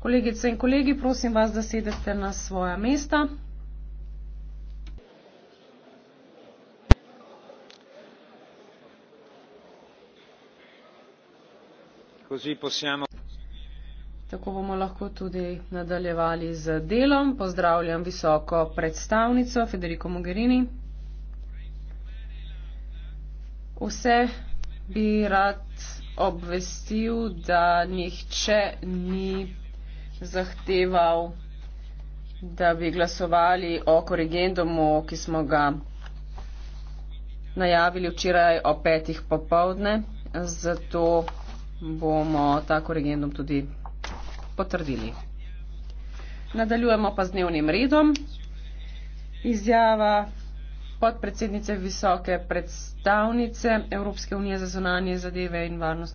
Kolegice in kolegi, prosim vas, da sedete na svoja mesta. Tako bomo lahko tudi nadaljevali z delom. Pozdravljam visoko predstavnico Federico Mogherini. Vse bi rad obvestil, da nihče ni zahteval, da bi glasovali o korigendumu, ki smo ga najavili včeraj o petih popovdne, zato bomo ta korigendum tudi potrdili. Nadaljujemo pa z dnevnim redom. Izjava podpredsednice visoke predstavnice Evropske unije za zonanje zadeve in varnost.